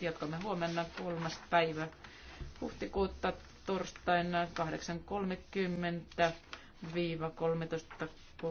kokoukset jatkamme huomenna 3. päivä huhtikuuta torstaina 8.30-13.30